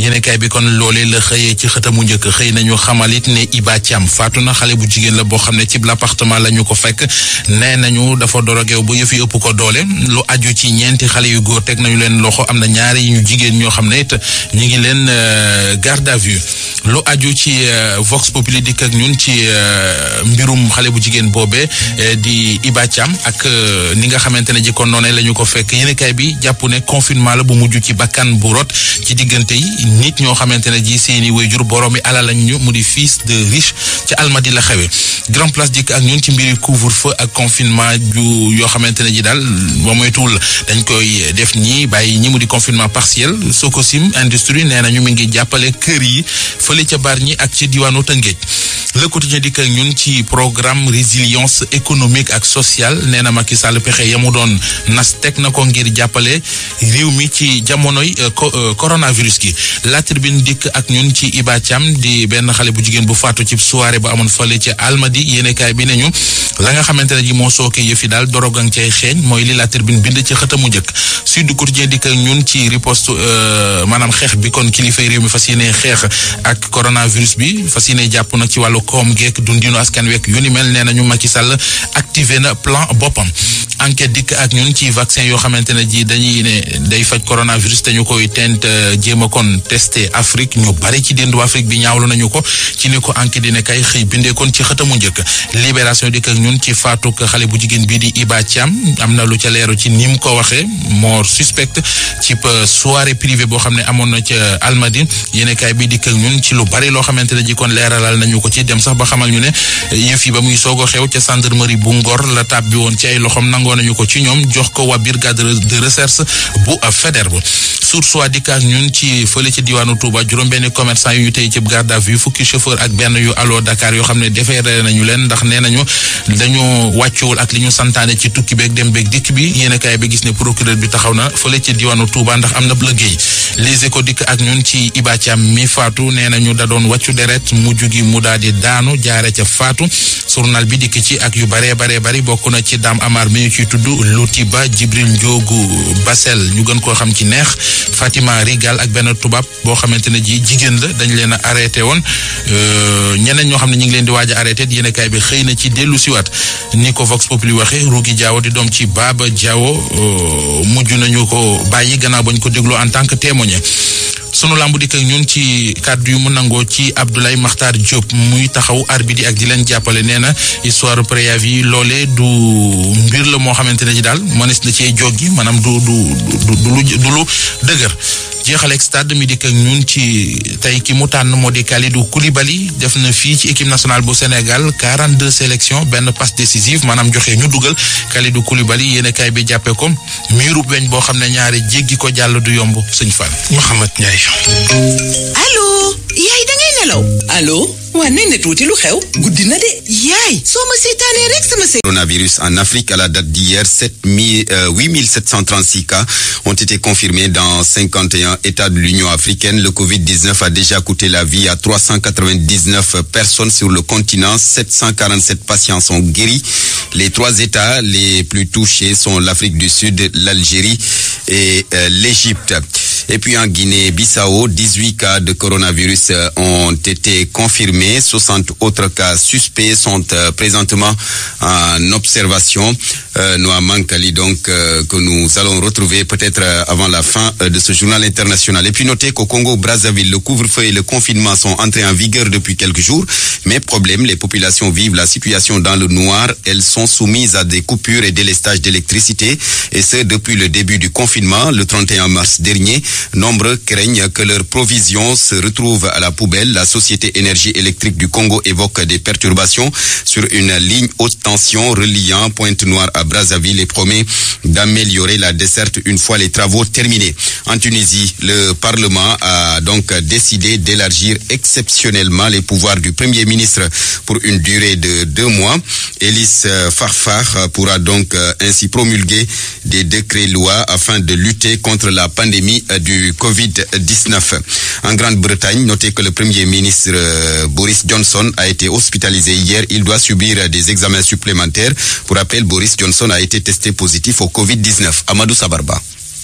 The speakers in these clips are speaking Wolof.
yéenekaay bi kon loolee la xëyee ci xëtamu njëkk xëy nañu xamal it ne Iba Thiam na xale bu jigéen la boo xam ne ci l'appartement la ñu ko fekk nee nañu dafa dorogeew bu yëf yi ëpp ko doole lu aju ci ñeenti xale yu góor teg nañu leen loxo am na ñaari yu jigéen ñoo xam ne it ñu ngi leen euh, garde à vue lu aju ci euh, Vox Populi dikk ak ñun ci euh, mbirum xale bu jigéen boobe di Iba Thiam ak ni nga xamante ne kon noonee la ñu ko fekk yéenekaay bi jàpp ne confinement la bu mujj ci bakkan bu rot ci diggante yi nit ñoo xamante ne ji seeni wayjur borom mi alal lañu mu di fils de riche ci almadi la xewe grand place dikk ak ñun ci mbiri couvre-feu ak confinement ju yoo xamante ne ji daal ba moytuwul dañ koy def ñii bàyyi ñi mu di confinement partiel Sokosim industrie nee ñu mu ngi jàppale kër yi fële ca baar ñi ak ci diwaanu Tëngéej le quotidien dikk ak ñun ci programme résilience économique ak sociale nee na Macky Sall pexe ya mu doon nas teg na ko ngir jàppale réew mi ci jamonoy euh, euh, coronavirus gi la tribune dikk ak ñun ci Iba Thiam di benn xale bu jigéen bu faatu ci soirée bu amoon fale ci Almadi yéenekaay bi ne ñu la nga xamante ne ji moo sooke yëfi daal dorogang cay xeeñ mooy li la tribune bind ci xëtamu njëkk Sud Quotidien dikk ak ñun ci riposte euh, maanaam xeex bi kon kilifay réew mi fas yéene xeex ak coronavirus bi ci wàllu koom geek dundinu askan week yu ni mel nee nañu Macky Sall na plan boppam enquête dikk ak ñun ci vaccin yoo xamante ne ji dañuy ne day faj coronavirus te ñu koy tent euh, jéem a kon testé Afrique ñu bari ci déndu Afrique bi ñaawlu nañu ko ci ni ko enquête dina kay xëy bindeekoon ci xëtamu njëkk libération dikk ak ñun ci faatuk xale bu jigéen bii di Iba Thiam am na lu ca leeru ci ni ko waxee mort suspect ci soirée privée boo xam ne amoon na ca Almadi dem sax ba xamal ñu ne yëf yi ba muy soog a xew ca gendarmerie bu Ngor la bi woon ci ay loxoom nangoo nañu ko ci ñoom jox ko waa brigade de recherche bu Faidherbe sur soit dikkaat ñun ci fële ci diwaanu Touba juróom-benn commerçant yu ñu tey ci garde à vue fukki chauffeur ak benn yu allo Dakar yoo xam ne defeere nañu leen ndax nee nañu dañoo wàccewul ak li ñu santaane ci tukki beeg dem beeg dikk bi yéen kaay bi gis ne procureur bi taxaw na fële ci diwaanu tuubaa ndax am na liggéey Les ko dikk ak ñun ci Iba Thiam mi faatu nee nañu da doon wàccu deret mujj gi mu daal di daanu jaare ca faatu journal bi dikk ci ak yu baree baree bari bokk na ci Dame Amar mi ñu ciy tudd Louti Ba Jibril Njoogu Basel ñu gën koo xam ci neex Fatima Rigal ak benn tubaab boo xamante ne ji jigéen la dañ leen a arrêté woon euh, ñeneen ñoo xam ne ñu ngi leen di waaj a arrêté yéen kaay bi xëy na ci dellu siwaat ni ko Vox li waxee Rougui Diawo di doom ci Baba Diawo euh, mujj nañu ko bàyyi gannaaw bañ ko déglu en tant que témoin sunu lambu dikk ak ñun ci kàddu yu mu nangoo ci Abdoulaye Makhtar Diop muy taxaw arbitre ak di leen jàppale nee na histoire préavis loolee du mbir la moo xamante ne ci daal mënees na cee joggi maanaam du du du du lu dëgër. jeexaleeg stade mi ak ñun ci tey ki mu tànn moo di Kalidou kulibali def na fii ci équipe nationale bu Sénégal 42 sélections benn passe décisive maanaam joxe ñu dugal Kalidou Koulibaly yéen a kaay bi jàppee ko miiru weñ boo xam ne ñaari jéggi ko jàll du yomb sëñ Fall. Mouhamed Ndiaye. nelaw allo waa nañ ne tuuti lu xew guddi na de yaay soo ma seetaanee rek sama se coronavirus en Afrique à la date d'hier 8736 euh, cas ont été confirmés dans 51 États de l'Union africaine. Le Covid-19 a déjà coûté la vie à 399 personnes sur le continent. 747 patients sont guéris. Les trois États les plus touchés sont l'Afrique du Sud, l'Algérie et euh, l'Égypte. Et puis en Guinée-Bissau, 18 cas de coronavirus euh, ont été confirmés. 60 autres cas suspects sont euh, présentement en observation. Euh, Noah Mankali, donc, euh, que nous allons retrouver peut-être euh, avant la fin de ce journal international. Et puis notez qu'au Congo-Brazzaville, le couvre-feu et le confinement sont entrés en vigueur depuis quelques jours. Mais problème, les populations vivent la situation dans le noir. Elles sont à des coupures et délestages d'électricité. le début du confinement, le 31 mars dernier. Nombre craignent que leurs provision se retrouvent à la poubelle. La société énergie électrique du Congo évoque des perturbations sur une ligne haute tension reliant Pointe-Noire à Brazzaville et promet d'améliorer la desserte une fois les travaux terminés. En Tunisie, le Parlement a donc décidé d'élargir exceptionnellement les pouvoirs du Premier ministre pour une durée de deux mois. Elis euh, Farfar pourra donc euh, ainsi promulguer des décrets-lois afin de lutter contre la pandémie euh, du Covid-19. En Grande-Bretagne, notez que le Premier ministre euh, Boris Johnson a été hospitalisé hier. Il doit subir euh, des examens supplémentaires. Pour rappel, Boris Johnson a été testé positif au Covid-19. Amadou Sabarba.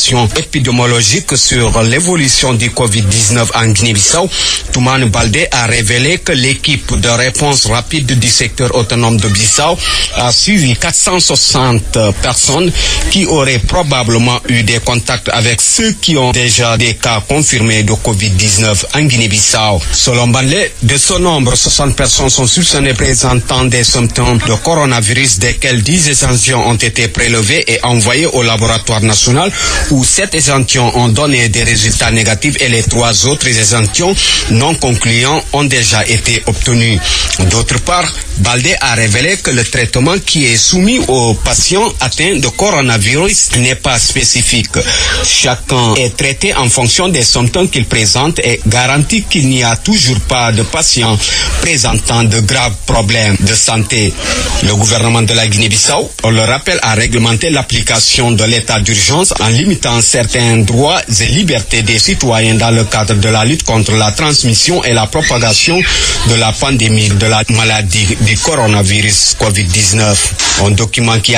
informations épidémiologiques sur l'évolution du Covid-19 en Guinée-Bissau, Toumane Baldé a révélé que l'équipe de réponse rapide du secteur autonome de Bissau a suivi 460 personnes qui auraient probablement eu des contacts avec ceux qui ont déjà des cas confirmés de Covid-19 en Guinée-Bissau. Selon Baldé, de ce nombre, 60 personnes sont soupçonnées présentant des symptômes de coronavirus, desquels 10 échantillons ont été prélevés et envoyés au laboratoire national où sept échantillons ont donné des résultats négatifs et les trois autres échantillons non concluants ont déjà été obtenus. D'autre part, Baldé a révélé que le traitement qui est soumis aux patients atteints de coronavirus n'est pas spécifique. Chacun est traité en fonction des symptômes qu'il présente et garantit qu'il n'y a toujours pas de patients présentant de graves problèmes de santé. Le gouvernement de la Guinée-Bissau, on le rappelle, a réglementé de l'état limitant certains droits et libertés des citoyens dans de la lutte contre la transmission et la propagation Un document qui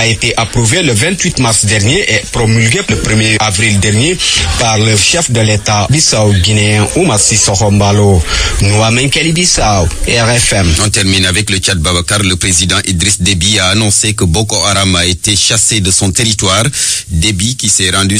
de l'État bissau-guinéen Oumassi Sokho Mbalo. Nouamenkeli Bissau, RFM. On termine le Tchad Babacar. Le président Idriss Déby a annoncé que Boko Haram a été chassé de son territoire. Déby qui s'est rendu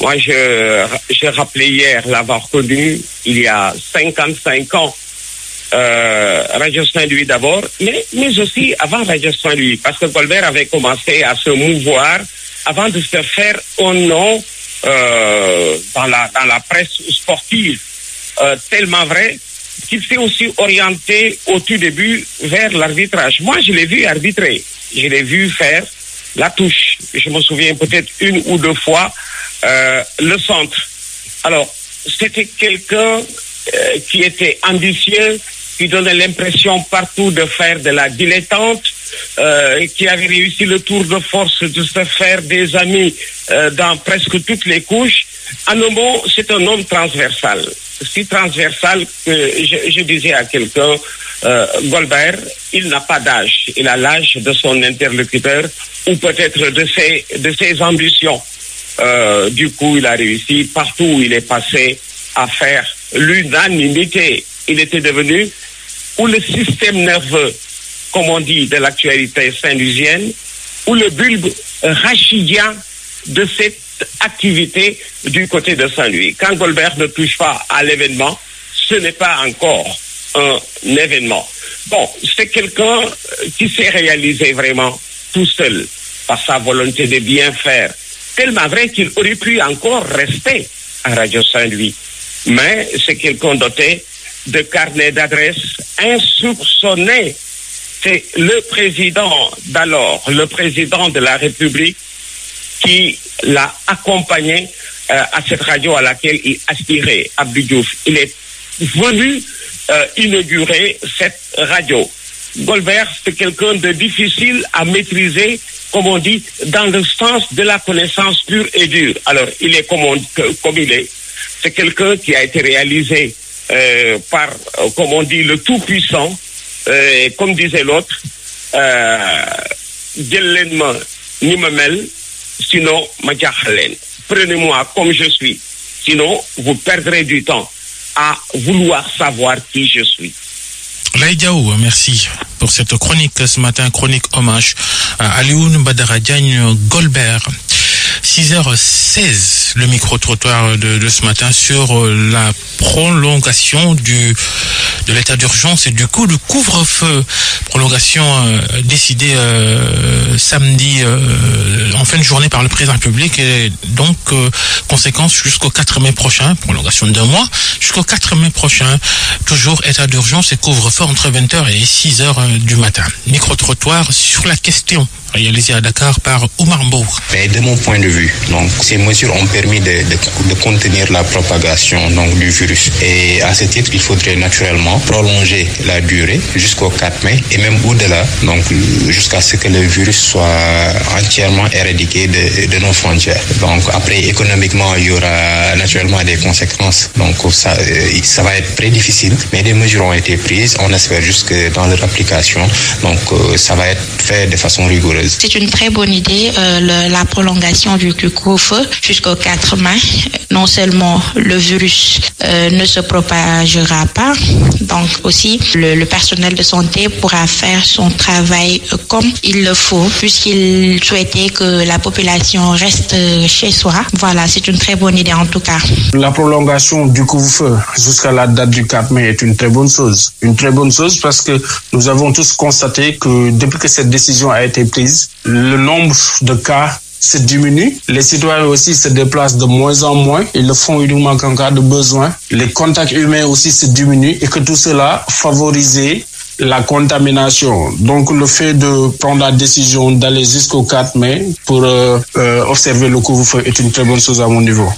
Moi, je, j'ai rappelé hier l'avoir connu il y a 55 ans, euh, Radio Saint-Louis d'abord, avant Radio saint parce que Colbert avait commencé à se mouvoir avant de se faire un nom euh, la, dans la presse sportive. Euh, tellement vrai qu'il s'est aussi orienté au tout début vers la touche je me souviens peut-être une ou deux fois, euh, le centre. Alors, c'était quelqu'un euh, qui était ambitieux, qui donnait l'impression partout de faire de la dilettante, euh, qui avait réussi le tour de force de se faire des amis euh, dans presque toutes les couches. En un mot, c'est un homme transversal. si transversal que je, je disais à quelqu'un, euh, Goldberg, il n'a pas d'âge. Il a l'âge de son interlocuteur ou peut-être de ses, de ses ambitions. Euh, du coup, il a réussi partout où il est passé à faire l'unanimité. Il était devenu ou le système nerveux, comme on dit, de l'actualité saint-lusienne, ou le bulbe rachidien de cette activité du côté de Saint-Louis. Quand Golbert ne touche pas à l'événement, ce n'est pas encore un événement. Bon, c'est quelqu'un euh, qui s'est réalisé vraiment tout seul par sa volonté de bien faire, tellement vrai qu'il aurait pu encore rester à Radio Saint-Louis. Mais c'est quelqu'un doté de carnet d'adresses insoupçonné. C'est le président d'alors, le président de la République, qui l'a accompagné euh, à cette radio à laquelle il aspirait, Abdou Il est venu euh, inaugurer cette radio. Goldberg, c'est quelqu'un de difficile à maitriser comme on dit, dans le sens de la connaissance pure et dure. Alors, il est comme, on, comme il est. C'est quelqu'un qui a été réalisé euh, par, euh, comme on dit, le Tout-Puissant, euh, comme disait l'autre, jël leen ma sinon ma jaaxal prenez-moi comme je suis sinon vous perdrez du temps à vouloir savoir qui je suis. Lay Diaw, merci pour cette chronique ce matin, chronique hommage à Alioune Badara Diagne Golbert. 6 le micro-trottoir de ce matin sur euh, la prolongation du de l'état d'urgence et du coup du couvre-feu. Prolongation euh, décidée euh, samedi euh, en fin de journée par le président public et donc euh, conséquence jusqu'au 4 mai prochain, prolongation d'un mois, jusqu'au 4 mai prochain. Toujours état d'urgence et couvre-feu entre 20h et 6h euh, du matin. Micro-trottoir sur la question. réalisé à Dakar par Oumar Mbow. Mais de mon point de vue, donc ces mesures ont permis de, de, contenir la propagation du virus et à ce titre, il faudrait naturellement prolonger la durée jusqu'au mai et même au-delà, donc jusqu'à ce que le virus soit entièrement éradiqué de, de nos frontières. Donc après économiquement, il y aura naturellement des conséquences. Donc ça euh, ça va être très difficile, mais des mesures ont été prises, on espère que dans leur application, donc euh, va être façon rigoureuse. 2016. C'est une très bonne idée, euh, la prolongation du couvre jusqu'au mai. Non seulement le virus euh, ne se propagera pas, donc aussi le, le, personnel de santé pourra faire son travail comme il souhaitait que la population reste chez soi. Voilà, c'est une très bonne idée en tout cas. La prolongation du couvre jusqu'à la date du 4 est Une très bonne chose parce que nous avons tous constaté que depuis que cette décision a été prise, crise, le nombre de cas se diminue. Les citoyens aussi se déplacent de moins en moins. Ils le font uniquement qu'en cas de besoin. Les contacts humains aussi se diminuent et que tout cela favorisait la contamination. Donc le fait de prendre la décision d'aller jusqu'au 4 mai pour euh, euh, observer le couvre-feu est une très bonne chose à mon niveau.